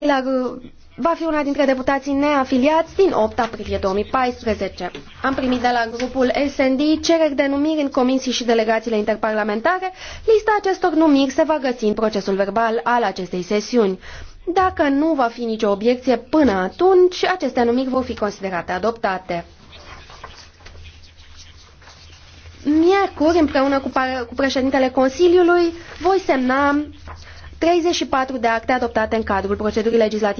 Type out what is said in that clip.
Uh, va fi una dintre deputații neafiliați din 8 aprilie 2014. Am primit de la grupul SND cereri de numiri în comisii și delegațiile interparlamentare. Lista acestor numiri se va găsi în procesul verbal al acestei sesiuni. Dacă nu va fi nicio obiecție până atunci, aceste numiri vor fi considerate adoptate. Miercuri, împreună cu președintele Consiliului, voi semna 34 de acte adoptate în cadrul procedurii legislative